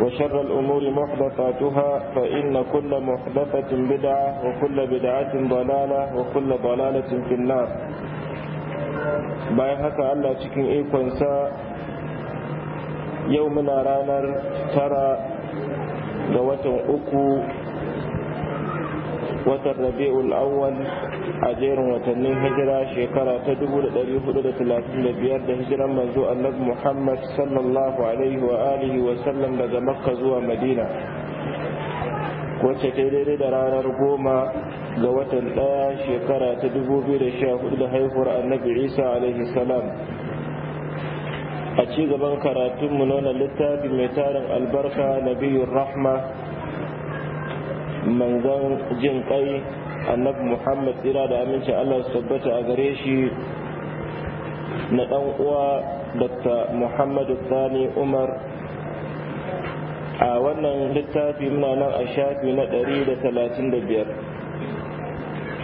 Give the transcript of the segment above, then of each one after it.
وشر الأمور محدثاتها فإن كل محدثة بدعة وكل بدعة ضلالة وكل ضلالة في النار bayan haka Allah cikin ikonsa yau muna ranar tara ga watan uku watan rabi'ul awwal a jerin watannin hijira shekara ta 1435 da hijiran manzo annabi Muhammad sallallahu alaihi wa alihi wa sallam daga Makka zuwa Madina wacce ta daidai da ranar goma ga watan ɗaya shekara ta 2014 da haihuwar annabi Isa alaihi salam a ci gaban karatunmu nuna littafin mai tarin albarka nabiyun rahma manzan jin kai annabi muhammad tsira da aminci allah su tabbata a gare shi na dan uwa dr muhammadu sani umar a wannan littafi muna nan a shafi na 135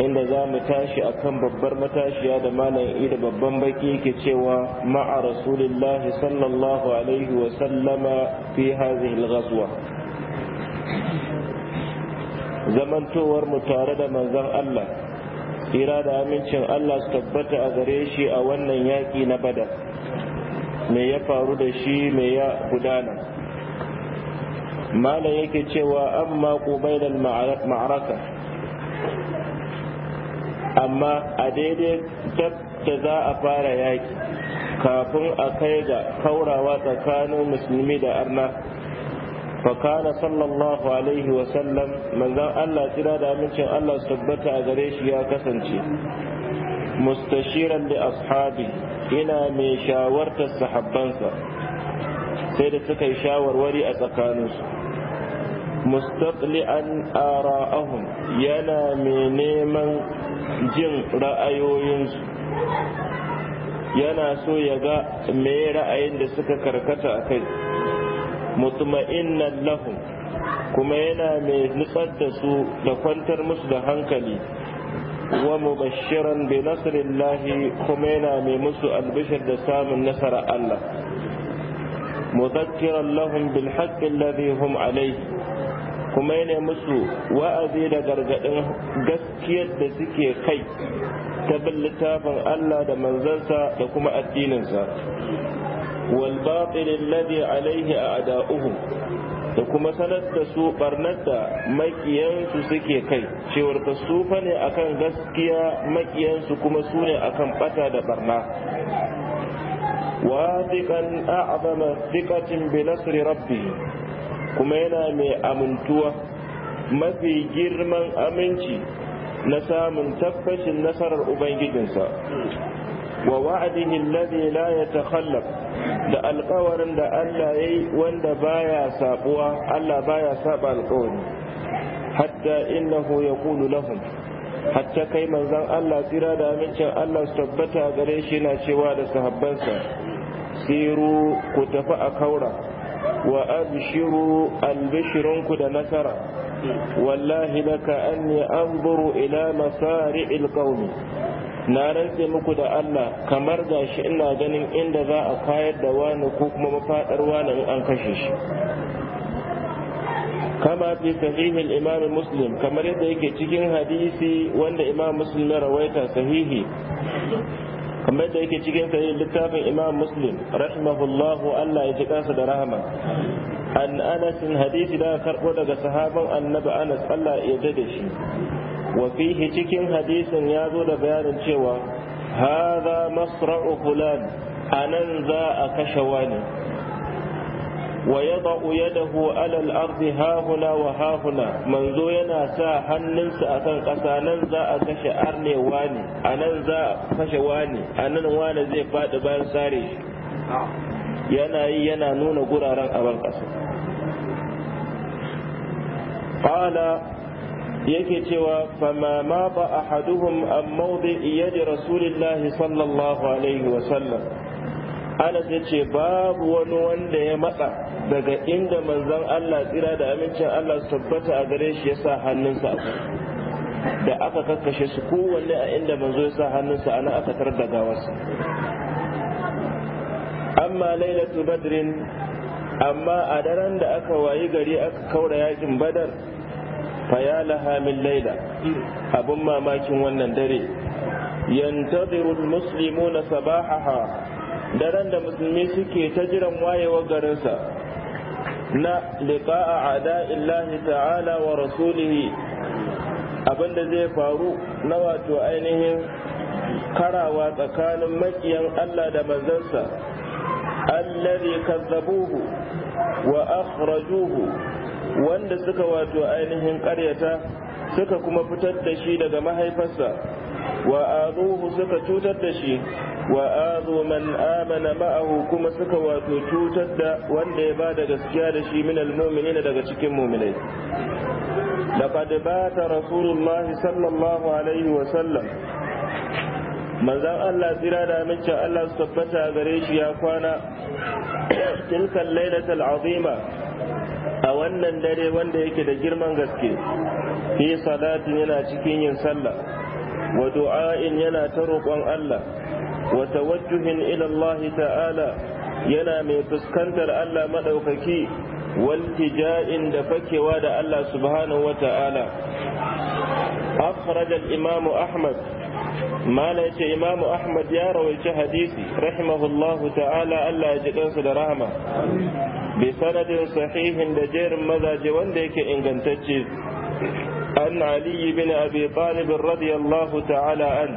inda za mu tashi a kan babbar matashiya da malam ida babban baki ke cewa ma'a rasulillahi sallallahu alaihi sallama fi hazihi al zamantowar mu tare da manzon Allah ira da amincin Allah su tabbata a gare shi a wannan yaƙi na bada me ya faru da shi me ya gudana malam yake cewa amma qubailal ma'araka amma a daidai dab da za a fara yaƙi kafin a kai ga kaurawa tsakanin musulmi da arna فكان صلى الله عليه وسلم من ذا الله تلا دا منشن الله سبتا أغريش يا كسنشي مستشيرا لأصحابه هنا من شاورت السحبانسا سيد سكي شاور وري أسقانوس مستطلعا آراءهم ينا من نيما جن رأيوينس yana so ya ga me ra'ayin da suka karkata a kai mutma'innan lahun kuma yana mai nutsar da su da kwantar musu da hankali wa mubashiran bi nasrillahi kuma yana mai musu albishir da samun nasara Allah mudhakkiran lahun bil haqqi alladhi hum alayhi kuma yana musu wa'azi da gargadin gaskiyar da suke kai ta bin littafin Allah da manzansa da kuma addininsa والباطل a ada أعداؤهم da kuma sanar da su barnar da makiyansu suke kai cewar fa su fa ne akan gaskiya makiyansu kuma su ne akan bata da barna wadiqan a'zama thiqatin bi rabbi kuma yana mai amintuwa mafi girman aminci na samun tabbacin nasarar ubangijinsa wa wa'adihi alladhi la yatakhallaf da alkawarin da Allah ya yi wanda baya sabuwa Allah baya saba alkawari hatta innahu yaqulu lahum hatta kai manzon Allah tsira da amincin Allah su tabbata gare shi na cewa da sahabbansa siru ku tafi a kaura wa abshiru ku da nasara wallahi laka anni anzuru ila masari'il qaumi na rantse muku da Allah kamar gashi ina ganin inda za a kayar da wani ko kuma mafaɗar wani in an kashe shi kama fi sahihin imam muslim kamar yadda yake cikin hadisi wanda imam muslim ya rawaita sahihi kamar yadda yake cikin sahihin littafin imam muslim rahimahullahu Allah ya ji kansa da rahama an anas hadisi da karɓo daga sahaban annabi anas Allah ya dade shi wa fihi cikin hadisin ya zo da bayanin cewa hadha masra'u fulan anan za a kashe wani wa yada'u yadahu ala al ha hahuna wa hahuna manzo yana sa hannunsa akan ƙasa nan za a kashe arne wani anan za kashe wani anan wani zai faɗi bayan sare shi yana yi yana nuna guraren aban ƙasa qala yake cewa fama ma ba a haduhun maudi iyadi rasulillahi sallallahu alaihi wasallam anas ya ce babu wani wanda ya matsa daga inda manzan allah tsira da amincin allah su tabbata a gare shi ya sa hannunsa da aka kakkashe su kowanne a inda manzo ya sa hannunsa ana aka tar da gawarsa amma lailatu badrin amma a daren da aka wayi gari aka kaura yakin badar faya laha min laila abun mamakin wannan dare yantaziru muslimuna sabahaha daren da musulmi suke ta jiran wayewar garinsa na liqa'a ada'illahi ta'ala wa rasulihi abinda zai faru na wato ainihin karawa tsakanin makiyan Allah da manzansa allazi kazzabuhu wa akhrajuhu wanda suka wato ainihin karyata, suka kuma fitar da shi daga mahaifarsa wa azuhu suka cutar da shi wa azu man amana ma'ahu kuma suka wato cutar da wanda ya ba da gaskiya da shi minal mu'minina daga cikin mu'minai laqad bata rasulullah sallallahu alaihi wa sallam manzan Allah tsira da amincin Allah su tabbata gare shi ya kwana tilkan lailatul azima wannan dare wanda yake da girman gaske fi salatin yana cikin yin sallah wa du'a'in yana ta roƙon Allah wa tawajjuhin ila Allah ta'ala yana mai fuskantar Allah madaukaki wal tija'in da fakewa da Allah subhanahu wa ta'ala akhraj Ahmad mala yace Ahmad ya rawaici hadisi rahimahullahu ta'ala Allah ya ji kansa da rahama bi sanadin sahihin da jerin mazaje wanda yake ingantacce an aliyu bin abi talibin radiyallahu ta'ala an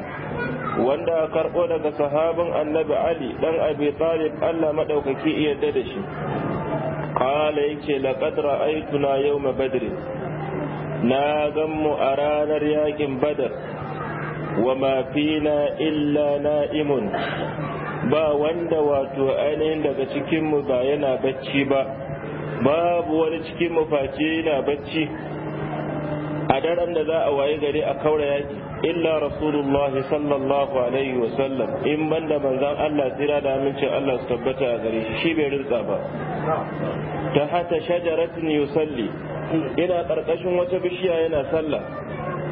wanda a karɓo daga sahabin annabi ali ɗan abi talib allah maɗaukaki yadda da shi ƙala yake laƙad ra'aituna yau ma na gammu mu a ranar yakin badar wa ma fina illa na'imun ba wanda wato ainihin daga cikinmu ba yana bacci ba babu wani cikin face yana bacci a daren da za a waye gari a kaura yaki illa rasulullahi sallallahu alaihi wasallam in banda manzan Allah tsira da amincin Allah su tabbata a gare shi shi bai rinsa ba ta hata shajaratin yusalli ina karkashin wata bishiya yana sallah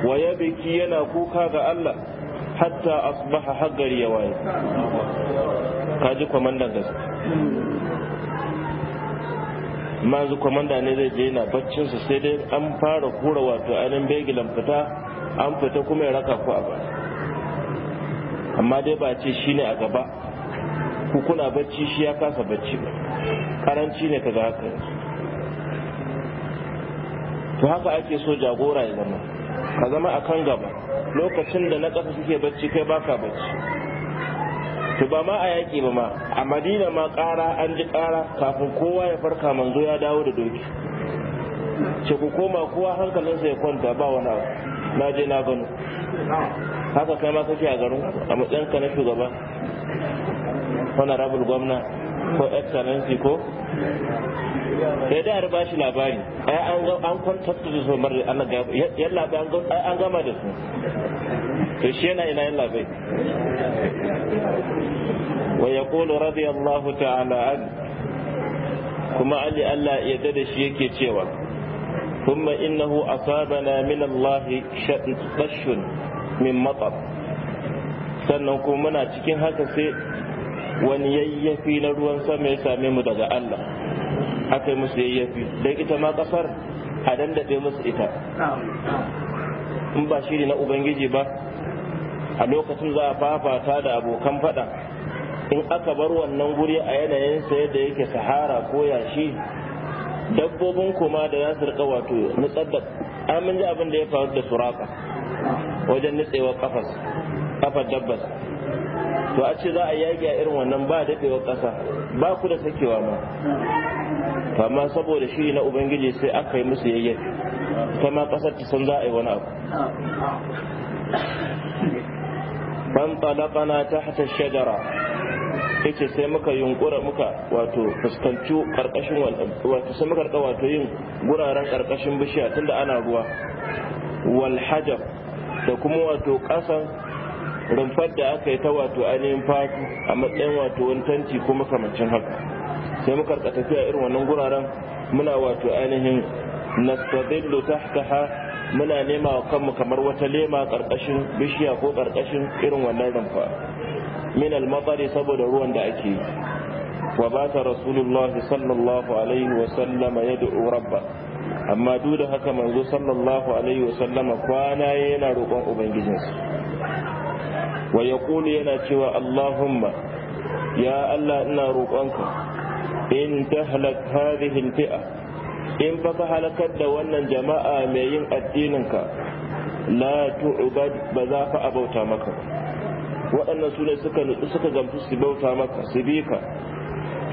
wa ya biki yana kuka ga Allah hatta asbaha har gari ya waye kaji kwamandan gaske manzu kwamanda ne zai je yana baccinsa sai dai an fara kura wato ainihin begilan fita an fita kuma ya raka ku a ba amma dai ba ce shi ne a gaba ku kuna bacci shi ya kasa bacci ba karanci ne kaga haka to haka ake so jagora ya zama ka zama a kan gaba lokacin da na ƙasa suke bacci kai baka bacci to ba ma a yaƙi ba ma a madina ma ƙara an ji ƙara kafin kowa ya farka manzo ya dawo da doki ce ku koma kowa hankalinsa ya kwanta ba wani abu na je na gano haka kai ma kake a garin a matsayinka na shugaba honorable gwamna ko excellency ko sai da ya bashi labari ai an kwantar da su mar Allah ga yalla ba an gama da su to shi yana ina yalla bai wa yaqulu radiyallahu ta'ala an kuma ali Allah ya da shi yake cewa ثم إنه أصابنا من الله طش من مطر sannan kuma muna cikin haka sai wani yayyafi na ruwan sama ya same mu daga Allah aka yi musu yayyafi don ita ma kasar a dandaɗe musu ita in ba shiri na ubangiji ba a lokacin za a fafata da abokan fada in aka bar wannan guri a yanayin yanayinsa yadda yake sahara ko yashi dabbobin kuma da za su rika wato nutsar da amin ji abin da ya faru da suraka wajen nutsewar kafas kafar dabbas to a ce za a yage a irin wannan ba daɗewar ƙasa ba ku da sakewa ma amma saboda shiri na ubangiji sai aka yi musu yayyafi ta ma kasar ta san za a yi wani abu ta hata shajara yace sai muka yunkura muka wato fuskanci karkashin wato sai muka wato yin guraren karkashin bishiya tunda ana ruwa wal hajar da kuma wato ƙasan rumfar da aka yi ta wato ainihin fatu a matsayin wato wani tanti ko makamancin haka sai muka rika tafiya irin wannan guraren muna wato ainihin nastadillu tahtaha muna nema wa kanmu kamar wata lema karkashin bishiya ko karkashin irin wannan rumfa min al-matsari saboda ruwan da ake wa bata rasulullahi sallallahu alaihi wa sallama yad'u rabba amma duk da haka manzo sallallahu alaihi wa sallama kwana yana roƙon ubangijinsa wa yaqulu yana cewa allahumma ya allah ina roƙonka in tahlak hadhihi alfi'a in fa ka halakar da wannan jama'a mai yin addininka la tu'bad ba za fa abauta maka waɗannan su suka nutsu suka gamsu su bauta maka su bi ka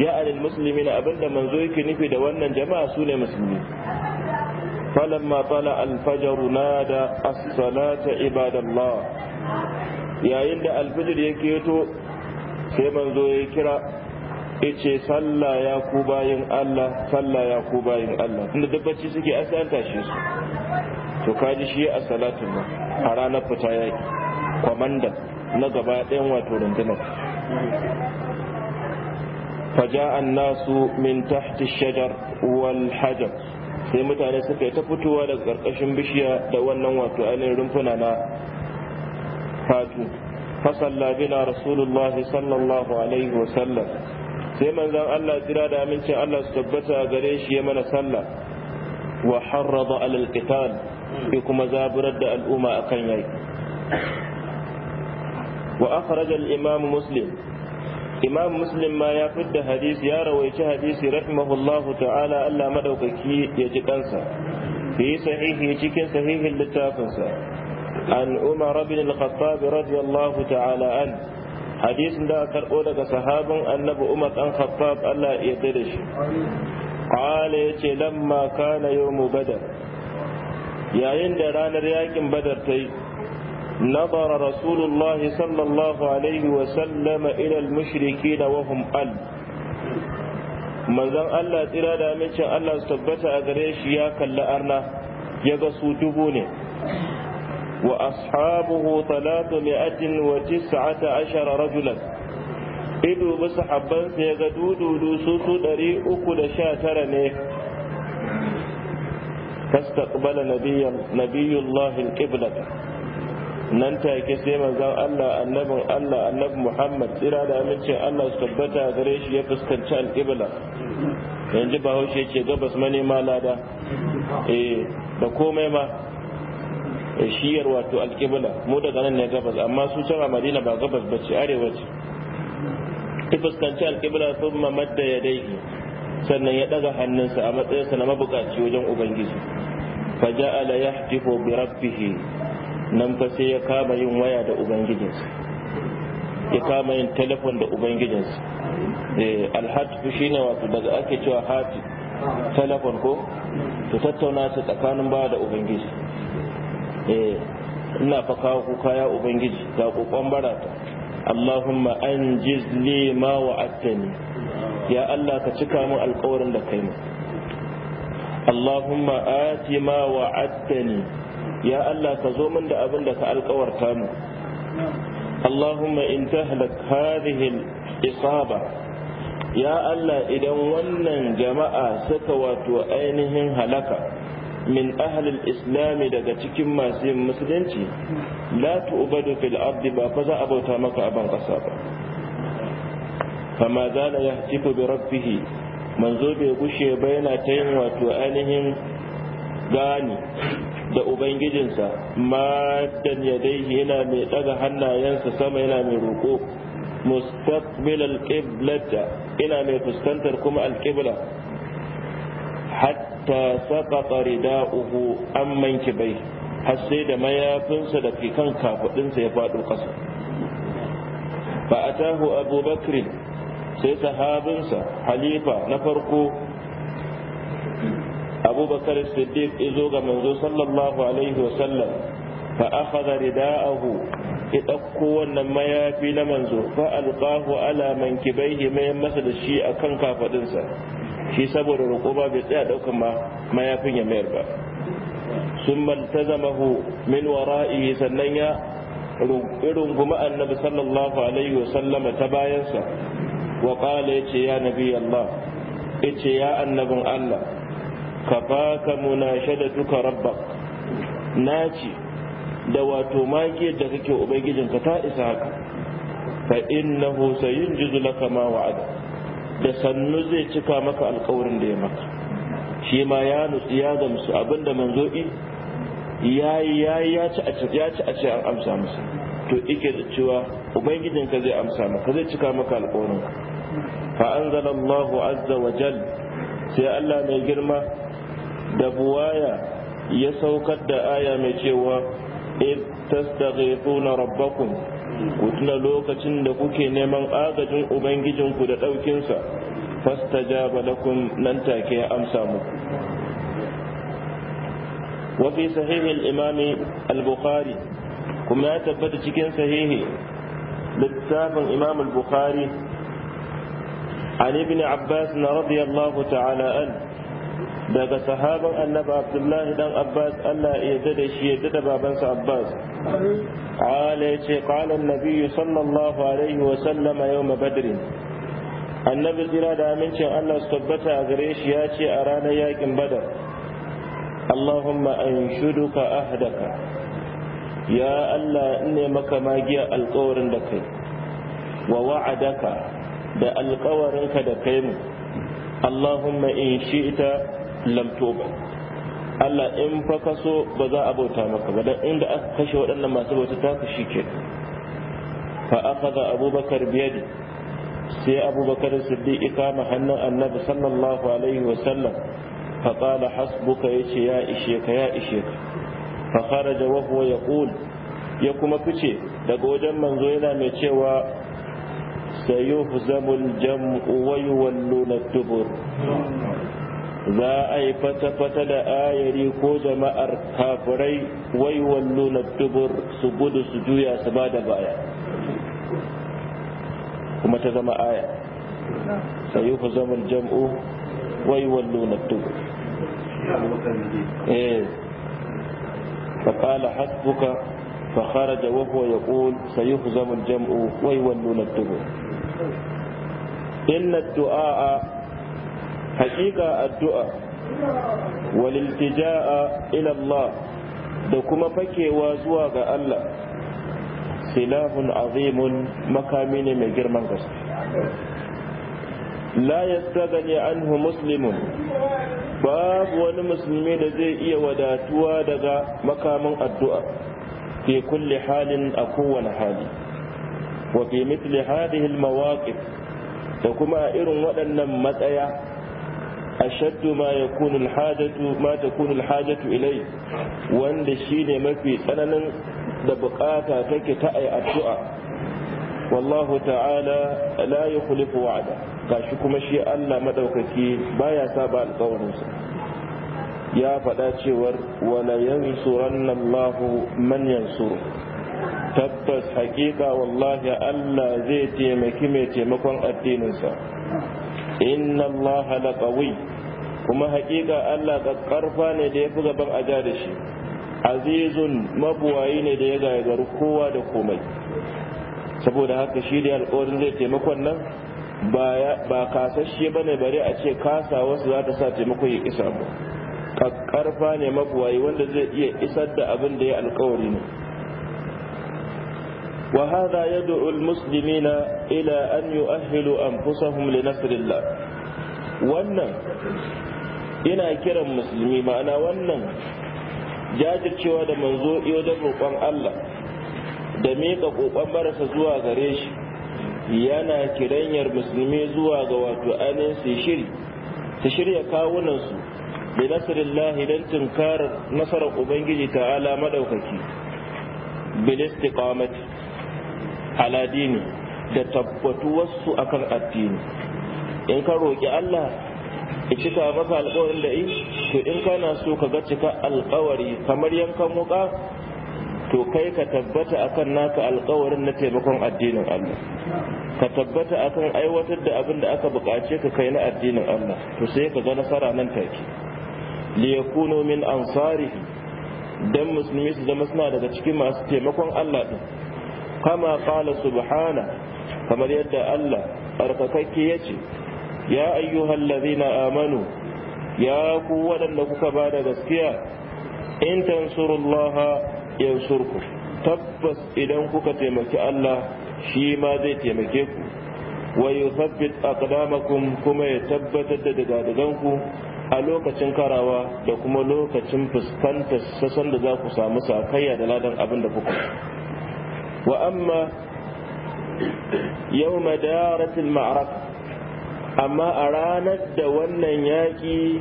ya alil musulmi na abinda manzo yake nufi da wannan jama'a su ne musulmi falamma tala alfajaru nada as-salata ibadallah yayin da alfajir yake yato sai manzo ya kira yace sallah ya ku bayin Allah sallah ya ku bayin Allah inda dabbaci suke a sai tashi su to kaji shi a salatin nan a ranar fita yaki kwamanda na gaba ɗayan wato rundunar nasu min tahti shajar wal hajar sai mutane suka yi ta fitowa daga ƙarƙashin bishiya da wannan wato ainihin rumfuna na fatu fasalla bina rasulullahi sallallahu alaihi wasallam sai manzon Allah tsira da amincin Allah su tabbata gare shi ya mana sallah wa harraba alal qital kuma zaburar da al'umma akan yai wa akhraja al imam muslim imam muslim ma ya fidda hadisi ya rawaici hadisi rahimahullahu ta'ala Allah madaukaki ya ji kansa fi sahihi cikin sahihin littafinsa an umar bin al-khattab radiyallahu ta'ala anhu hadisin da karɓo daga sahabin annabi umar ɗan khaffaf allah ya da shi qala yace lamma kana yawmu badar yayin da ranar yakin badar ta yi نظر sallallahu alaihi wa sallama عليه وسلم إلى المشركين وهم أل manzon Allah tsira da amincin Allah su tabbata a gare shi ya kalli arna ya ga su dubu ne وأصحابه ثلاثمائة وتسعة عشر رجلا إذ بسحبا سيغدود لسوس دري أكل شاتر فاستقبل نبي, نبي الله القبلة nan take sai manzon Allah annabin Allah annabi Muhammad tsira da amincin Allah su tabbata gare shi ya fuskanci alƙibla yanzu bahaushe ce gabas manema lada da komai ma shiyar wato alƙibla mu daga nan ne gabas amma su can a madina ba gabas ba ce arewa ce ta fuskanci alƙibla sun da ya daiki sannan ya ɗaga hannunsa a matsayinsa na mabukaci wajen ubangiji ja'ala yahtifu bi rabbihi nan fa sai ya kama yin waya da ubangijinsa ya kama yin telefon da ubangijinsa eh, alhatfu shine wato daga ake cewa hati telefon ko to tattauna ta tsakanin ba da ubangiji Eh, ina fa kawo kuka ya ubangiji ga kokon barata allahumma an jizli ma wa'attani ya allah ka cika min alkawarin da kai min allahumma ati ma wa'attani ya allah ka zo min da abin da ka alkawarta mu allahumma in tahlak hadhihi al-isaba ya Allah idan wannan jama'a suka wato ainihin halaka min ahlil islami daga cikin masu yin musulunci la tu'badu fil ardi ba fa za a bauta maka a ban kasa ba za la yahtiku bi rabbih manzo bai gushe ba yana ta yin wato ainihin gani da ubangijinsa dan yadaihi yana mai daga hannayensa sama yana mai roko mustaqbil alqiblata ina mai fuskantar kuma al-qibla hatta saqata rida'uhu amman kibai har sai da mayafinsa da fikan kan ya faɗo ƙasa fa atahu abu bakr sai sahabinsa halifa na farko abu bakar siddiq izo ga manzo sallallahu alaihi wasallam fa akhadha rida'ahu ya ɗauko wannan mayafi na manzo fa alqahu ala mankibaihi mayan masa da shi akan kafadinsa shi saboda roƙo ba bai tsaya ɗaukan ma mayafin ya mayar ba sun hu min wara'i sannan ya irin kuma annabi sallallahu alaihi wa sallama ta bayansa wa ƙala ya ce ya nabi Allah ya ce ya annabin Allah ka duka Rabba. Na naci da wato magiyar da kake ubangijinka ta isa haka fa innahu jizu laka kama wa'ada da sannu zai cika maka alkawarin da ya maka shi ma ya nutsu ya gamsu abinda manzo in ya yi ya ci a ce an amsa musu to ike da cewa ka zai amsa maka zai cika maka alkawarin fa anzalallahu azza wa jal sai Allah mai girma da buwaya ya saukar da aya mai cewa id tastaghithuna rabbakum ku tuna lokacin da kuke neman agajin ubangijinku da ɗaukinsa fasta ja balakun nan take ya amsa muku wafi sahihin imami al-bukhari kuma ya tabbata cikin sahihi littafin imam al-bukhari عن ابن عباس رضي الله تعالى daga sahaban annabi abdullahi dan abbas allah ya yarda da shi yarda da babansa abbas qala yace qala an-nabi sallallahu alaihi wa sallama yawm badr annabi jira da amincin allah su tabbata a gare shi ya ce a ranar yakin badar allahumma anshuduka ahdaka ya allah ne maka magiya alƙawarin da kai wa wa'adaka da alƙawarinka da kai mu allahumma in shi'ta lamto ba Allah in fa ka so ba za a bauta maka ba dan inda aka kashe waɗannan masu bauta ta ku shike fa akhadha abubakar biyadi sai abubakar siddiq kama hannun annabi sallallahu alaihi wa sallam fa qala hasbuka yace ya ishe ka ya ishe ka fa kharaja wa huwa yaqul ya kuma fice daga wajen manzo yana mai cewa sayuhzamul jam'u wa yuwalluna dubur za a yi fata-fata da ayari ko jama'ar kafirai wai wallo na dubur su gudu su juya su ba da baya kuma ta zama aya sai ku zama jam'u wai wallo na dubur فقال حسبك فخرج وهو يقول سيهزم الجمع ويولون الدبر إن الدعاء haƙiƙa addu'a waliltija'a ila Allah da kuma fakewa zuwa ga Allah silahun azimun makami ne mai girman gaske la yastagani anhu muslimun babu wani musulmi da zai iya wadatuwa daga makamin addu'a fi kulli halin a kowane hali wa fi mithli hadhihi almawaqif da kuma irin waɗannan matsaya أشد ما يكون الحاجة ما تكون الحاجة إليه وأن الشين ما في سنن دبقاتا تكتأي الدعاء والله تعالى لا يخلف وعده gashi kuma shi Allah madaukaki baya saba alƙawarinsa ya faɗa cewar wala yansuranna Allahu manyan yansuru tabbas haƙiƙa wallahi Allah zai taimaki mai taimakon addininsa inna allaha laqawi kuma haƙiƙa Allah ƙarfa ne da ya fi gaban aja da shi azizun mabuwayi ne da ya gagaru kowa da komai saboda haka shi da alƙawarin zai taimakon nan ba kasashe ba ne bare a ce kasa wasu za ta sa taimako ya isa mu karfa ne mabuwayi wanda zai iya isar da abin da ya alƙawari ne وهذا يدعو المسلمين إلى أن يؤهلوا أنفسهم لنصر الله wannan ina kiran musulmi ma'ana wannan jajircewa da manzo wajen roƙon Allah da miƙa ƙoƙon marasa zuwa gare shi yana kiranyar musulmi zuwa ga wato ainihin su shiri su shirya kawunansu da nasarillahi don tunkarar nasarar ubangiji ta'ala maɗaukaki bilis istiqamati ala dini da wasu akan addini in ka roƙi Allah ya cika maka alƙawarin da yi to in kana so ka ga cika alƙawari kamar yankan wuƙa to kai ka tabbata akan naka alƙawarin na taimakon addinin Allah ka tabbata akan aiwatar da abin da aka buƙace ka kai na addinin Allah to sai ka ga nasara nan take yakunu min ansarihi dan musulmi su zama suna daga cikin masu taimakon Allah din kama qala subhana kamar yadda Allah barkakakke ce ya ayyuhallazina amanu ya ku waɗanda kuka ba da gaskiya in tansurullaha surku tabbas idan kuka taimaki Allah shi ma zai taimake ku wa yuthabbit aqdamakum kuma ya tabbatar da dagadaganku a lokacin karawa da kuma lokacin fuskantar sasan da za ku samu sakayya da ladan abin da kuka وأما يوم دارت المعركة أما أرانت دولنا ياكي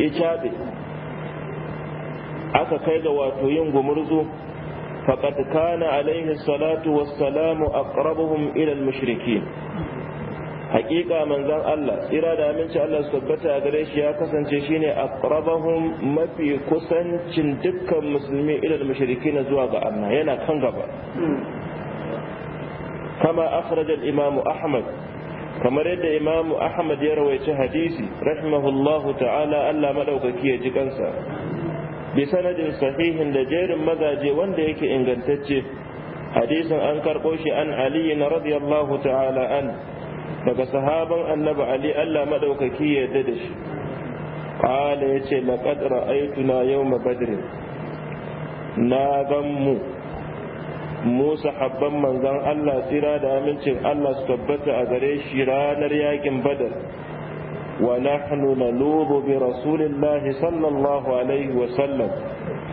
إشابه aka kai ga wato yin gumurzu faqad kana alaihi salatu wassalamu aqrabuhum hakika manzon Allah tsira da aminci Allah su tabbata gare shi ya kasance shine aqrabahum mafi kusancin dukkan musulmi ila mushrikin zuwa ga Allah yana kan gaba kama akhraj al-imam Ahmad kamar yadda imam Ahmad ya rawaici hadisi rahimahullahu ta'ala Allah madaukaki ya ji kansa bi sanadin sahihin da jerin mazaje wanda yake ingantacce hadisin an karɓo shi an Ali na radiyallahu ta'ala an daga sahaban annabi ali allah maɗaukaki ya yarda da shi ƙala ya ce laƙad na yau badrin na gan mu mu sahabban manzan allah tsira da amincin allah su tabbata a gare shi ranar yakin badar wa nahnu nalubu bi rasulillahi sallallahu alaihi wa sallam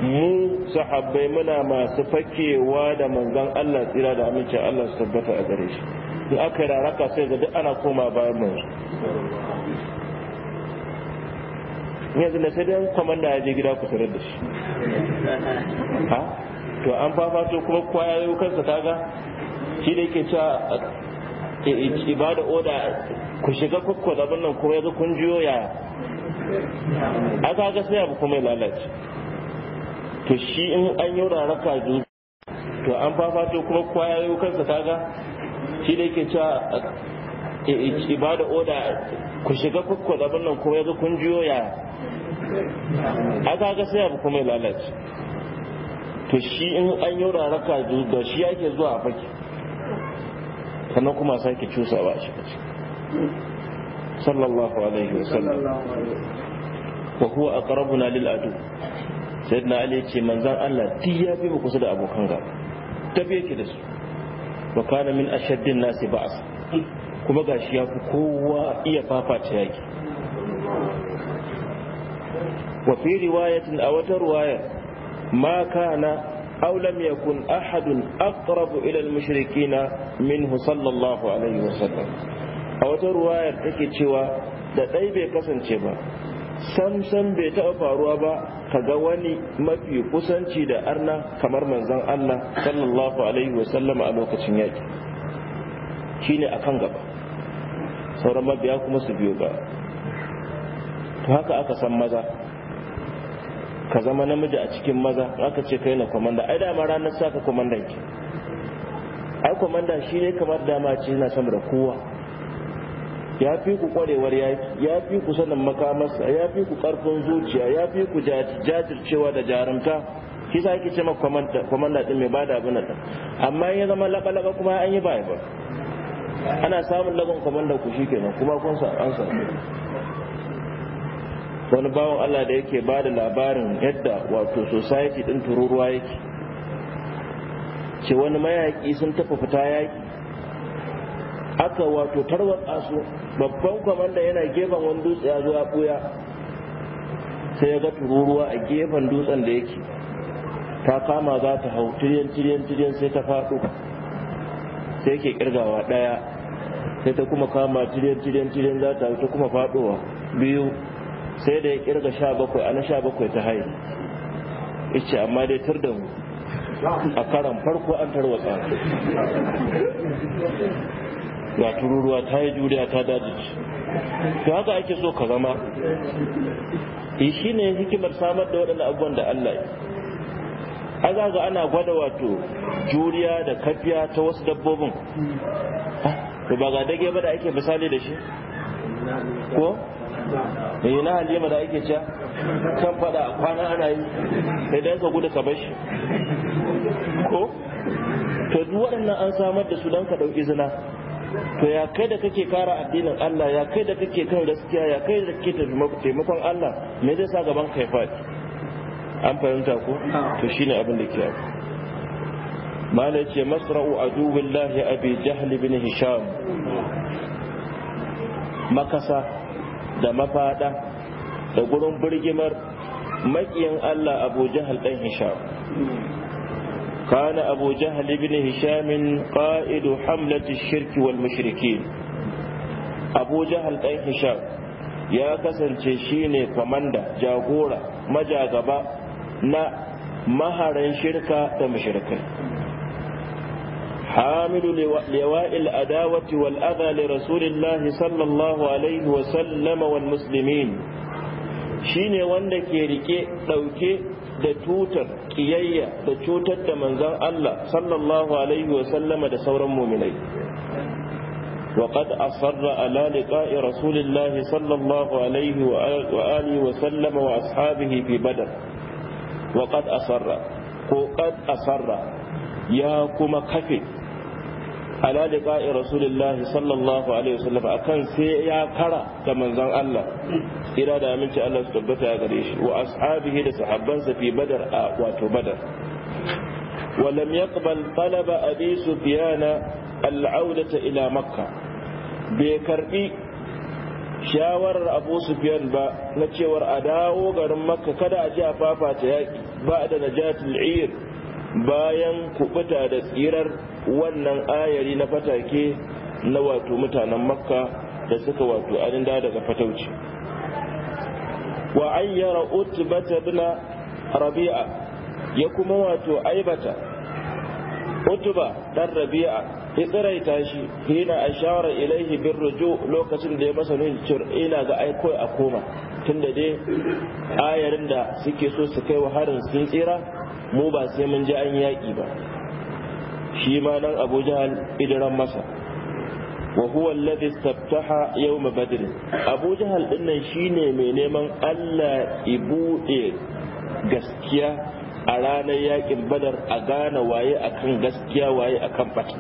mu sahabbai muna masu fakewa da manzan allah tsira da amincin allah su tabbata a gare shi da aka yi raraka sai ga duk ana koma bayan manzo yanzu da sai kwamanda ya je gida ku tarar da shi ha to an fafato kuma yau kansa kaga shi da yake cewa eh, eh, ibada oda ku shiga kwakwa zaɓin nan kuma yanzu kun jiyo yaya a kaga sai abu kuma ya lalace to shi in an yi raraka to an fafato kuma yau kansa kaga shi da yake cewa ibada oda ku shiga kukku da nan kuma yaga kun jiyo ya aka ga sai abu kuma lalace to shi in an yi raraka da shi yake zuwa a faki. sannan kuma sake cusa ba shi sallallahu alaihi wasallam wa huwa aqrabuna lil adu sayyidina ali ce manzon Allah ti ya mu kusa da abokan gaba tafi yake da su wa kana min ashaddin nasi ba'as kuma gashi ya fi kowa iya fafata yaki wa fi riwayatin a wata riwaya ma kana aw lam yakun ahadun aqrabu ila al-mushrikina minhu sallallahu alaihi wasallam a wata riwayar take cewa da ɗai bai kasance ba samsam bai taɓa faruwa ba ka ga wani mafi kusanci da arna kamar manzan Allah sallallahu alaihi wasallama a lokacin yaƙi a kan gaba sauran mabiya kuma su biyo ba to haka aka san maza ka zama namiji a cikin maza aka ce kai na kwamanda ai dama ranar ka kwamandan ki ai kwamanda shi ne kamar dama ce na sama da kowa ya fi ku kwarewar yaki ya fi ku sanin makamarsa ya fi ku karfin zuciya ya fi ku jajircewa da jarumta shi sa ake ce ma kwamanda din mai bada abin nan amma ya zama laba-laba kuma an yi bai ba ana samun laban kwamanda ku shikenan kuma kun sa an sa wani bawan Allah da yake ba da labarin yadda wato society din tururuwa yake ce wani mayaƙi sun tafi fita yaƙi aka wato tarwatsa su babban kwamanda yana gefen wani dutse ya zo ya buya sai ya ga tururuwa a gefen dutsen da yake ta kama za ta hau tiryan tiryan tiryan sai ta faɗo sai ke kirgawa ɗaya sai ta kuma kama tiryan tiryan tiryan za ta ta kuma faɗowa biyu sai da ya kirga sha bakwai ana sha bakwai ta haihu ice amma dai tur da mu a karan farko an tarwatsa ga tururuwa ta yi juriya ta dajici to haka ake so ka zama yi eh, shi ne hikimar samar da waɗanda abubuwan da Allah yi a zaga ana gwada wato juriya da kafiya ta wasu dabbobin ah, to ba ga dage ba da ake misali da shi ko yi eh, na halima da ake cewa kan fada a kwana ana yi sai da ka gudu ka bar shi ko to duk waɗannan an samar da su don ka ɗau izina to ya kai da kake kara addinin Allah ya kai da kake kan gaskiya ya kai da kake taimakon Allah me zai sa gaban kai faɗi an fahimta ko to shine abin da ke yi mala ce masra'u aduwillahi abi jahl ibn hisham makasa da mafada da gurin birgimar makiyin Allah abu jahl dan hisham كان أبو جهل بن هشام قائد حملة الشرك والمشركين أبو جهل أي هشام يا كسن شيني كماندا جاغورا مجاغبا نا مهرا شركة ومشركين حامل لواء الأداوة والأذى لرسول الله صلى الله عليه وسلم والمسلمين shine wanda ke rike ɗauke da tutar kiyayya da cutar da manzon Allah sallallahu alaihi wa sallama da sauran muminai وقد أصر على لقاء رسول الله صلى الله عليه وآله وسلم وأصحابه في بدر وقد أصر وقد أصر يا كما كفي ala liqa'i rasulillahi sallallahu alaihi wasallam kan sai ya kara da manzon Allah ira da aminci Allah su tabbata gare shi wa ashabihi da sahabbansa fi badar a wato badar wa lam yaqbal talaba abi sufyan audata ila makka bai karbi shawarar abu sufyan ba na cewar a dawo garin makka kada a ji a fafata yaki ba da najatul ir bayan kubuta da tsirar wannan ayari na fatake na wato mutanen makka da suka wato arinda daga fatauci wa ayyara utbata bin rabi'a ya kuma wato aibata utuba dan rabi'a ya tsiraita shi hina shawarar ilaihi bin ruju lokacin da ya masa nuni ina ga aiko a koma tunda dai ayarin da suke so su kai wa harin sun tsira mu ba sai mun ji an yaƙi ba shi ma nan abu jahal idiran masa wa huwa alladhi istabtaha yawm badr abu jahal dinnan shine mai neman Allah ibude gaskiya a ranar yakin badar a gane waye akan gaskiya waye akan fata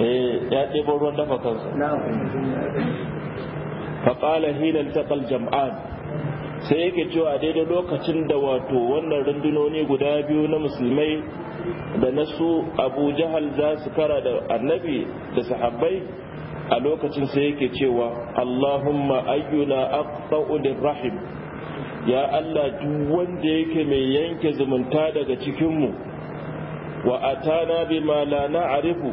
eh, ya ɗebo ruwan dafa kansa faƙala hilal taƙal jam'an sai yake cewa daidai lokacin da wato wannan rundunoni guda biyu na musulmai da na su abu jahal za su kara da annabi da sahabbai a lokacin sai yake cewa allahumma ayyuna aqta'u rahim ya allah duk wanda yake mai yanke zumunta daga cikinmu wa atana bima la na'rifu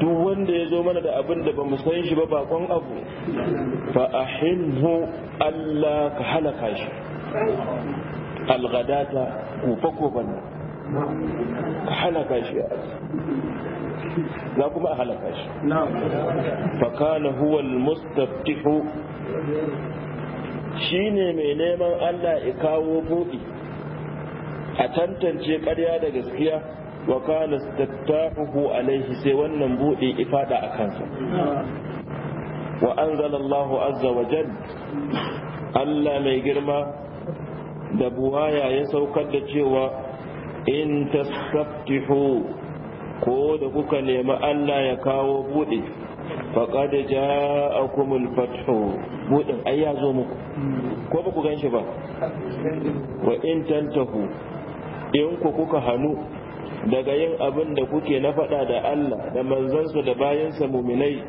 duk wanda ya zo mana da abin da ba mu san shi ba bakon abu fa ahinhu Allah ka halaka shi algadata kofa kofan ka halaka shi za kuma a halaka shi fa kana huwa almustaftihu shine mai neman Allah ya kawo budi, a tantance ƙarya da gaskiya wa kana tattahu alaihi sai wannan bude ifada a kansa wa anzala Allahu azza wa jal Allah mai girma da buwaya ya saukar da cewa in tastaftihu ko da kuka nemi Allah ya kawo bude faqad ja'akumul fathu budin ai ya zo muku ko ba ku ganshi ba wa in tantahu in ku kuka hanu daga yin abin da kuke na faɗa da Allah da manzansa da bayansa muminai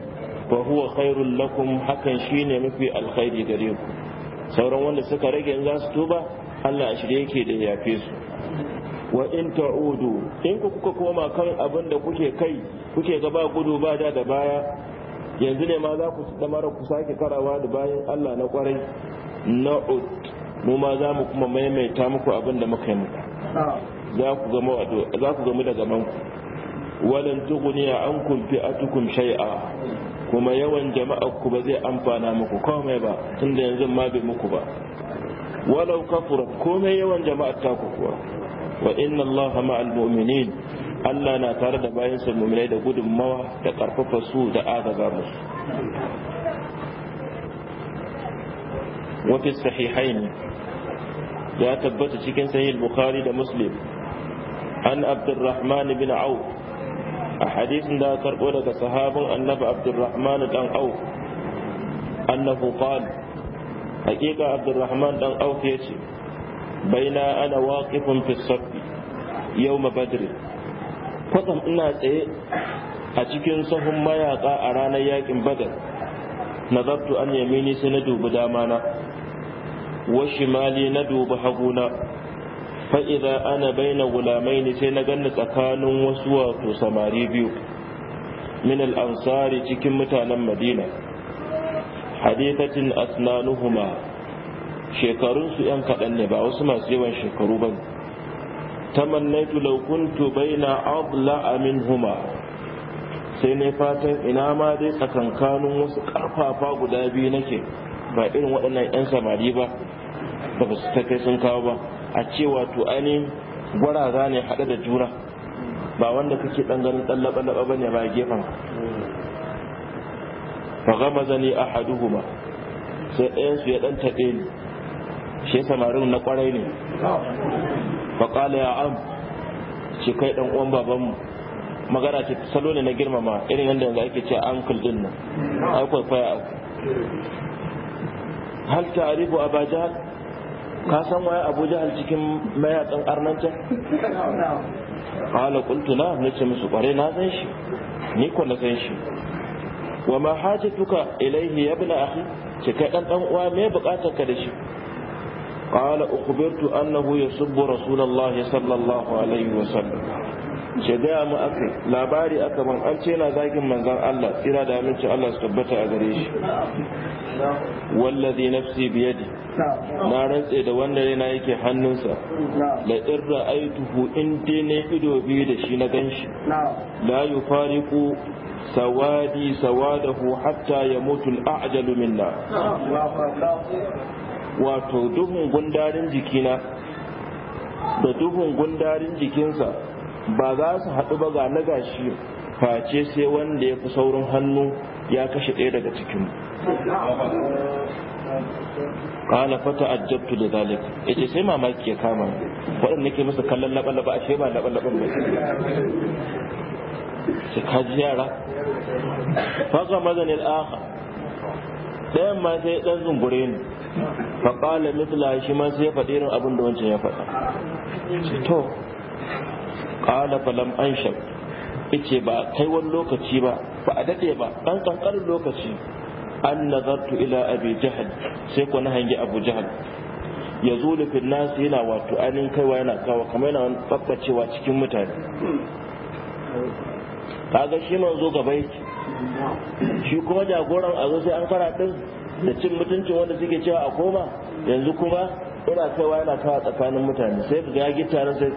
fa huwa khairul lakum hakan shine mafi alkhairi gare ku sauran wanda suka rage in za su tuba Allah a shirye yake da yafe su wa in ta'udu in ku kuka koma kan abin da kuke kai kuke gaba gudu ba da da baya yanzu ne ma za ku damar ku sake karawa da bayan Allah na kwarai na'ud mu ma za mu kuma maimaita muku abin da muka yi muku za ku gama da za ku gama da gaman ku walan tughniya ankum kuma yawan jama'ar ku ba zai amfana muku komai ba tunda yanzu ma bi muku ba walau kafura komai yawan jama'a ta ku kuwa wa inna allaha al mu'minin Allah na tare da bayansa mu'minai da gudunmawa da karfafa su da agaza musu وفي الصحيحين ya tabbata cikin sahih bukhari da muslim an abdurrahman bin au a hadisin da karɓo daga sahabin annabi abdurrahman dan auf annahu qala haƙiƙa abdurrahman dan auf ya baina ana waqifun fi Yau yawma badr kwatsam ina tsaye a cikin sahun mayaka a ranar yakin badar nazartu an yamini sai na dubi damana wa shimali na dubi haguna Fa'ida ana baina gulamai ne sai na ganni tsakanin wasu wato samari biyu min al'ansari cikin mutanen madina hadithatin asnanuhuma shekarunsu ‘yan kaɗan ne ba wasu masu yawan shekaru ba tamannaitu law kuntu baina adla huma. sai ne fatan ina ma dai tsakankanin wasu ƙarfafa guda biyu nake ba irin waɗannan 'yan samari ba ba su ta kai sun kawo ba a ce wato ainihin gwaraza ne haɗe da juna ba wanda kake ɗan ganin ɗan laɓa-laɓa ba ne ba gefen fa gama zani a ba sai ɗayansu ya ɗan taɓe ni shi samarin na ƙwarai ne fa ƙala ya am ce kai ɗan uwan babanmu magana ce salo ne na girmama irin yadda yanzu ake ce ankul din nan ai kwaikwaya abu hal ta'rifu aba ka san waye abu jahal cikin mayakan arnanta qala qultu la nace musu kware na san shi ni ko na san shi wa ma hajatuka ilayhi ya ibn akhi ce kai dan dan uwa me bukatar ka da shi qala ukhbirtu annahu yasubbu rasulullahi sallallahu alaihi wa sallam ce gaya mu aka labari aka ban an ce na zagin manzan Allah tsira da aminci Allah su tabbata a gare shi wallazi nafsi biyadi na rantse da wanda na yake hannunsa la irra aituhu in ne ido biyu da shi na ganshi la yufariqu sawadi sawadahu hatta yamutu al minna wato duhun gundarin jikina da duhun gundarin jikinsa ba za su haɗu ba ga na gashi face sai wanda ya fi saurin hannu ya kashe ɗaya daga cikin qala fata ajabtu da zalik yace sai mamaki ya kama wadanda nake musu kallon laban laba ashe ba laban ba sai ka ji yara faqa madan al akha dan ma sai dan zungure ni fa qala mithla shi ma sai ya faɗi irin abin da wancan ya faɗa to qala lam anshab yace ba kai wani lokaci ba ba a dade ba dan kankan lokaci an nazartu ila abi jahal sai ko na hangi abu jahal ya zo da finnas yana wato ainihin kaiwa yana kawo kamar yana wani ɓaɓɓacewa cikin mutane kaga shi ma zo gaba yake shi kuma jagoran a zo sai an fara din da cin mutuncin wanda suke cewa a koma yanzu kuma yana kaiwa yana kawo tsakanin mutane sai ga ya gita sai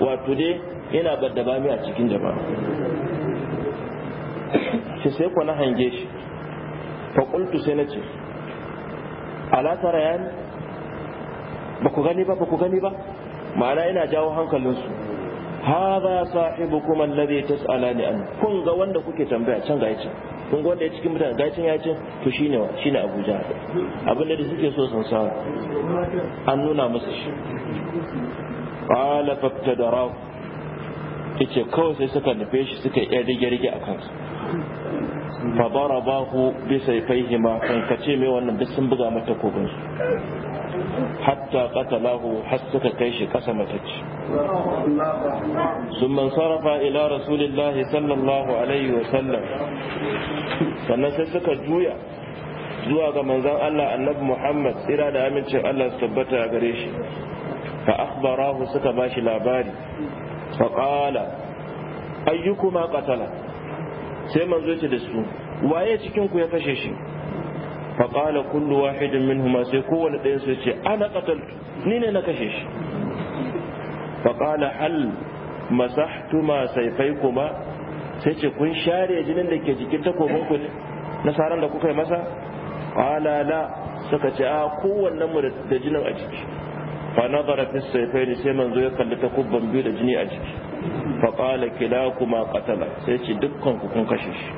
wato dai yana bami a cikin jama'a shi sai ku na hange shi faƙultu sai na ce ala tara ya ne ba ku gani ba ba ku gani ba ma'ana ina jawo hankalinsu sa sahibu kuma alladhi tas'alani an kun ga wanda kuke tambaya can ga yacin kun ga wanda ya cikin mutane gacin ya ce to shine shine Abuja abinda da suke so sun sa an nuna masa shi qala faktadara yace kawai sai suka nufe shi suka yi rige rige a kansa fa darabahu bi sayfayhima kan kace mai wannan duk sun buga mata kogin su hatta qatalahu har suka kai shi kasa matacce sun man sarrafa ila rasulillahi sallallahu alaihi wa sallam sannan sai suka juya zuwa ga manzon Allah annabi Muhammad tsira da amincin Allah su tabbata gare shi fa akhbarahu suka bashi labari fa qala ayyukuma qatala sai manzo ce da su waye cikin ku ya kashe shi faƙala kullu wahidin minhuma sai kowane ɗayan sai ce ana qataltu ni ne na kashe shi faƙala hal masahtuma saifai kuma sai ce kun share jinin da ke jikin takobin ku ne na saran da kuka yi masa ƙala la suka ce a kowannen mu da jinin a jiki fa nazara fi saifai sai manzo ya kalli takobban biyu da jini a jiki faƙala kila kuma ƙatala sai ce dukkan ku kun kashe shi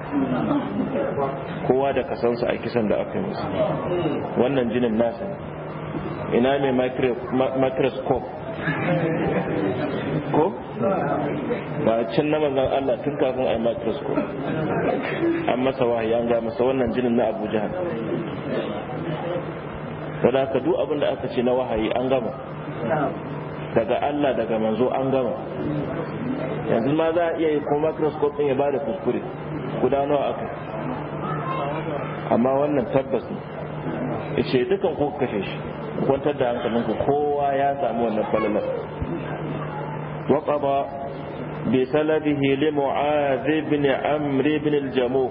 kowa da kasansa a kisan da aka yi wannan jinin nasa ina mai microscope ko ba can na manzan Allah tun kafin a yi microscope an masa wahayi an ga masa wannan jinin na abu jihar wadda ka duk abin da aka ce na wahayi an gama daga Allah daga manzo an gama yanzu ma za a iya yi kuma microscope ɗin ya ba da kuskure guda nawa aka amma wannan tabbas ne ce dukan ko kashe shi kwantar da hankalinku kowa ya samu wannan falalar li بسلبه ibn amr ibn al-jamu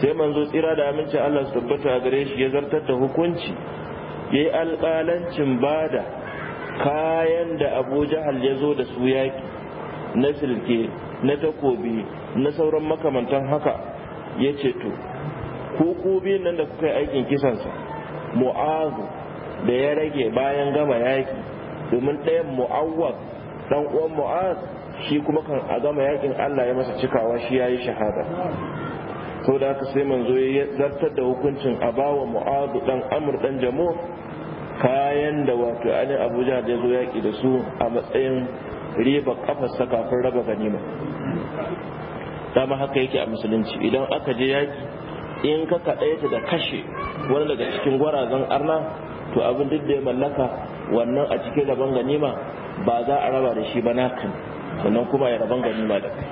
sai manzo tsira da aminci Allah su tabbata a gare shi ya zartar da hukunci ya yi alƙalancin bada kayan da abu jahal ya zo da su yaƙi na silke na takobi na sauran makamantan haka ya ce to ko nan da kuka yi aikin kisansa mu'azu da ya rage bayan gama yaƙi domin ɗayan mu'awwa ɗan uwan mu'az shi kuma kan a gama yaƙin allah ya masa cikawa shi ya yi shahada sau da aka sai manzo ya zartar da hukuncin a bawa mu'azu ɗan amur ɗan jamo kayan da wato Ali abuja da zo yaki da su a matsayin riba kafarsa kafin raba ganima dama haka yake a musulunci idan aka je yaƙi in ka kaɗaita da kashe wani daga cikin gwarazan arna to abin duk da ya mallaka wannan a cikin raban ganima ba za a raba da shi ba nakan sannan kuma ya raban ganima da kai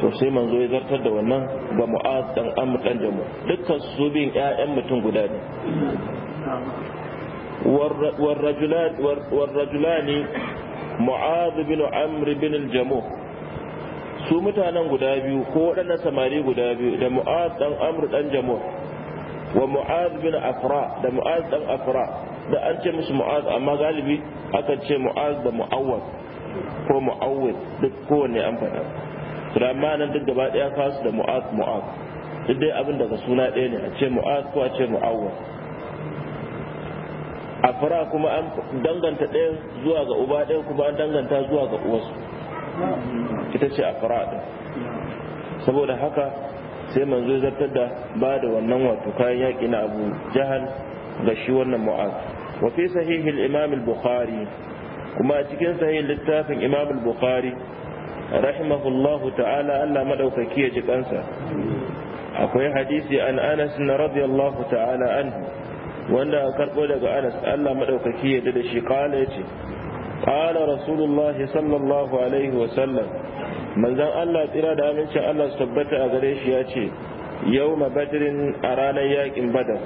to sai manzo ya zartar da wannan ga mu'az dan amr dan jamu dukkan su bin ƴaƴan mutum guda ne والرجلان والرجلان معاذ بن عمرو بن الجموح su mutanen guda biyu ko waɗannan samari guda biyu da mu'az dan amr dan jamu wa mu'az bin afra da mu'az dan afra da an ce musu mu'az amma galibi aka ce mu'az da mu'awwad ko mu'awwid duk kowanne an faɗa su ma nan duk gaba daya kasu da mu'az mu'az duk dai abin daga suna ɗaya ne a ce mu'az ko a ce mu'awwal a fara kuma an danganta ɗaya zuwa ga uba ɗaya kuma an danganta zuwa ga uwarsu ita ce a fara ɗin saboda haka sai manzo zartar da ba da wannan wato kayan yaƙi na abu jahal ga shi wannan mu'az wa fi sahihin imam al-bukhari kuma a cikin sahihin littafin imam al-bukhari rahimahullahu ta'ala Allah madaukaki ya ji kansa akwai hadisi an Anas na radiyallahu ta'ala anhu wanda a karbo daga Anas Allah madaukaki ya da shi kala yace qala rasulullah sallallahu alaihi wa sallam manzon Allah tsira da amincin Allah su tabbata a gare shi yace yawma badrin a ranar yakin badar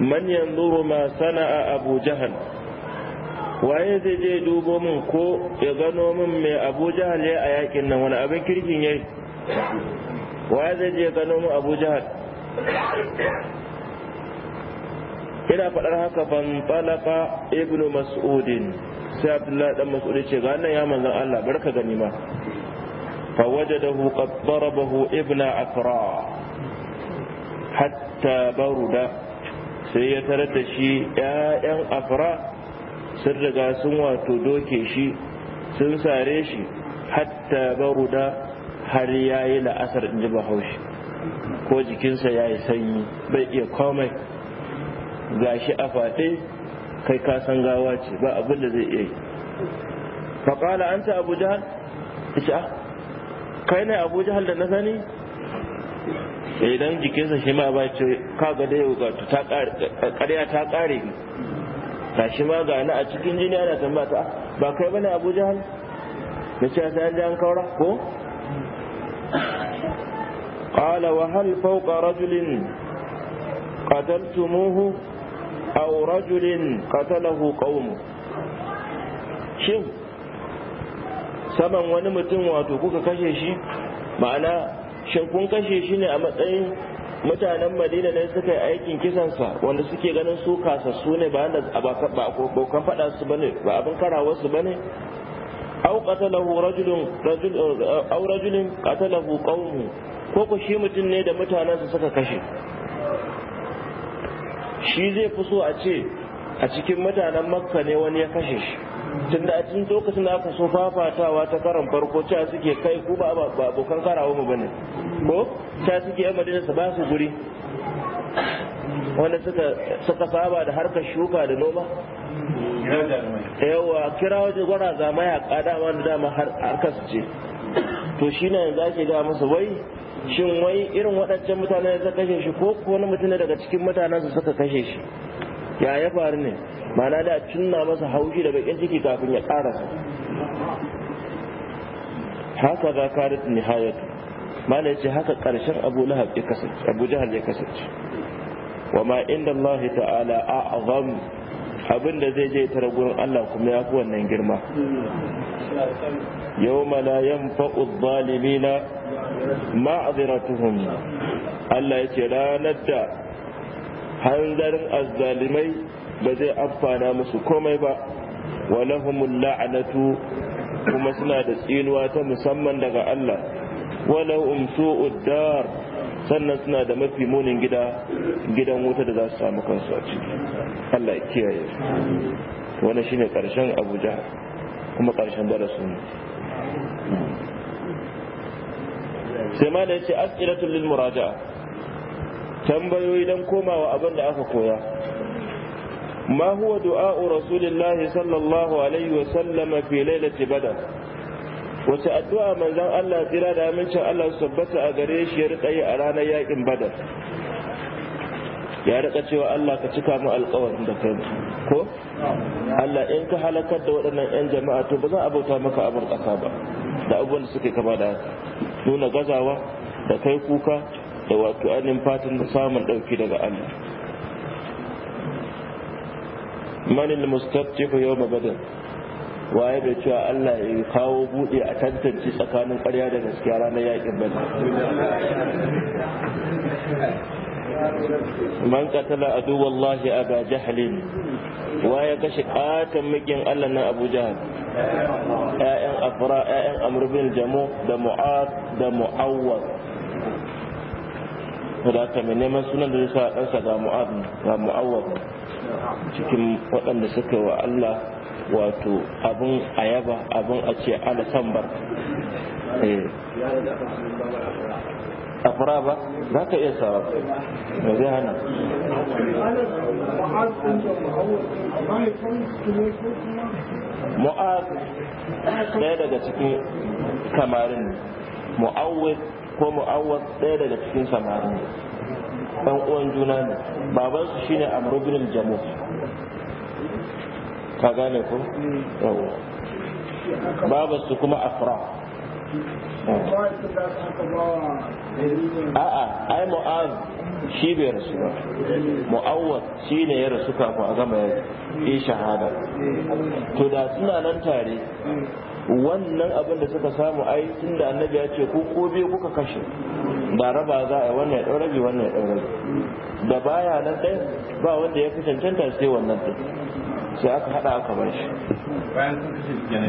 man yanzuru ma sana'a abu jahal waye zai je dubo min ko ya gano min mai abu jahal ya a yakin nan wani abin kirkin yayi waye zai je gano min abu jahal ina faɗar haka ban talaka ibnu mas'udin sai abdullahi dan mas'udi ce ga nan ya manzan Allah barka gani ma fa wajadahu qad darabahu ibna afra hatta baruda sai ya tarar da shi 'ya'yan afra sun riga sun wato doke shi sun sare shi hatta baruda har ya yi la'asar in ji bahaushe ko jikinsa ya yi sanyi bai iya komai gashi a faɗe kai ka san gawa ce ba abin da zai iya yi faƙala an ta abu jihar ah, kai ne abu jihar da na sani idan eh, jikinsa shi ma ba ce kaga da yau ga ta ƙarya ta ƙare gashi ma ga na a cikin jini ana tambata ah, ba kai bane Abu Jahal da cewa sai an ji an kaura ko qala wa hal fawqa rajulin qataltumuhu aw rajulin qatalahu qaumu shin saman wani mutum wato kuka kashe shi ma'ana shin kun kashe shi ne a matsayin mutanen madina ne suka yi aikin kisansa wanda suke ganin su kasassu ne ba ba abokan fada su bane ba abin karawa su bane au qatalahu rajulun au rajulun qatalahu qawmu ko ku shi mutum ne da mutanensa suka kashe shi zai fi so a ce a cikin mutanen makka ne wani ya kashe shi tun da cikin lokacin da aka so fafatawa ta karan farko cewa suke kai ku ba abokan karawa mu bane ko ta suke yan madina su ba su guri wanda suka saba da harkar shuka da noma yawa kira waje gwara za ma ya kada ma da dama harkar su ce to shi ne za ke ga musu wai shin wai irin waɗancan mutane da suka kashe shi ko wani mutum daga cikin mutanen su suka kashe shi ya ya faru ne mana da cinna masa haushi da bakin ciki kafin ya karasa haka za ka nihayatu mala yace haka karshen abu lahab ya kasance abu jahal ya kasance wa ma inda Allah ta'ala a'zam abin da zai je tara gurin Allah kuma ya fi wannan girma yawma la yanfa'u adh-dhalimina ma'dhiratuhum Allah yace ranar da hanzarin azzalimai ba zai amfana musu komai ba wa lahumul la'natu kuma suna da tsinuwa ta musamman daga Allah walau umsu'ud dar sannan suna da mafi munin gida gidan wuta da za su samu kansu a ciki Allah ya kiyaye wannan shine karshen Abuja kuma karshen darasin sai ma da yace as'ilatul lil muraja'a tambayoyi don komawa abin da aka koya ma huwa du'a'u rasulillahi sallallahu alaihi wa sallama fi lailati badr wace addu'a manzon Allah tsira da amincin Allah su tabbata a gare shi ya rika yi a ranar yakin badar ya rika cewa Allah ka cika mu alƙawarin da kai ko Allah in ka halakar da waɗannan 'yan jama'a to ba za a bauta maka abin ƙasa ba da abubuwan da suke kama da nuna gazawa da kai kuka da wato ainihin fatan samun ɗauki daga Allah manil mustaqtifu yau badar waye bai cewa Allah ya kawo buɗe a tantance tsakanin ƙarya da gaskiya ranar yaƙin bane. man qatala adu wallahi aba jahlin waye kashe katan mikin Allah na Abu Jahl ƴaƴan afra ƴaƴan Amr da Mu'ad da Mu'awwad da haka mai neman sunan da sa ɗansa ga mu'ad ga mu'awwad cikin waɗanda suka wa Allah wato abin ayaba abin a ce ala sambar eh. a fara ba za ka iya sawa ba zai hana mu'ad ɗaya daga cikin kamarin mu'awwad ko mu'awwaz ɗaya daga cikin samari ne ɗan uwan juna ne baban su shine amru bin al-jamu ka gane ko Yau. baban su kuma afra a'a ai mu'az shi bai rasu ba mu'awwaz shi ne ya rasu kafin a gama yi shahada to da suna nan tare wannan abin da suka samu ai tun da annabi ya ce ku ko biyu kuka kashe da raba za a yi wannan ya ɗau rabi wannan ya rabi da baya nan ɗaya ba wanda ya fi cancanta sai wannan ɗin sai aka haɗa aka bar shi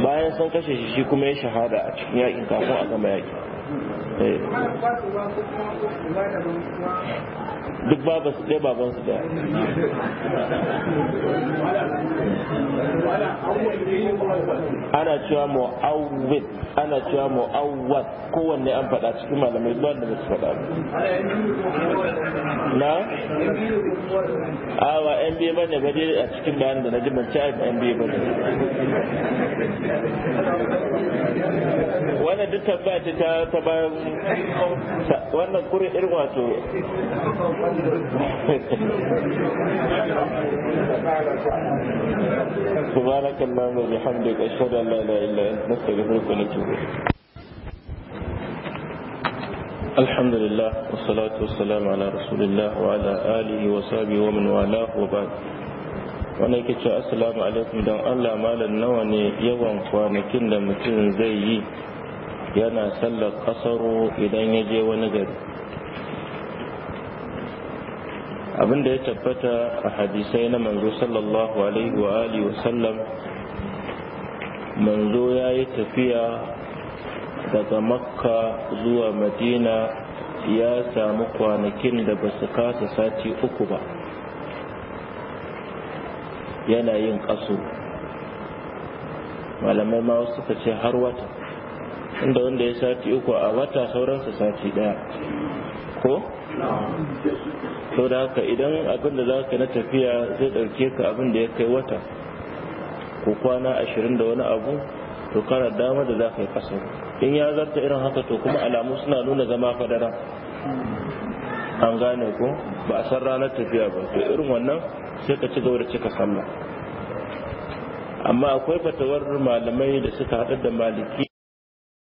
bayan sun kashe shi shi kuma ya shahada a cikin yakin kafin a gama yakin duk babu su ɗaya baban su ɗaya ana cewa mu'awwid ana cewa mu'awwad kowanne an faɗa cikin malamai ba da su faɗa na awa nba ba ne ba a cikin bayan da na ji ban ci yan biyu ba ne wannan duk tabbata ta ta bayan wannan kuri irin wato سبحانك اللهم وبحمدك أشهد أن لا إله إلا أنت نستغفرك ونتوب إليك الحمد لله والصلاة والسلام على رسول الله وعلى آله وصحبه ومن والاه وبعد wannan yake cewa assalamu alaikum don Allah malam nawa ne yawan kwanakin da mutum zai yi yana sallar kasaro idan ya je wani gari abin da ya tabbata a hadisai na manzo sallallahu alaihi wa alihi wa sallam manzo ya yi tafiya daga makka zuwa madina ya samu kwanakin da ba su kasa sati uku ba yana yin ƙaso malamai ma wasu suka ce har wata inda wanda ya sati uku a wata sauransa sati ɗaya ko so da haka idan abin da za ka na tafiya zai ɗauke ka abin da ya kai wata ko kwana ashirin da wani abu to kana dama da za ka yi kasar in ya zarta irin haka to kuma alamu suna nuna zama fadara an gane ko ba a san ranar tafiya ba to irin wannan sai ka ci gaba da cika sallah amma akwai fatawar malamai da suka haɗar da maliki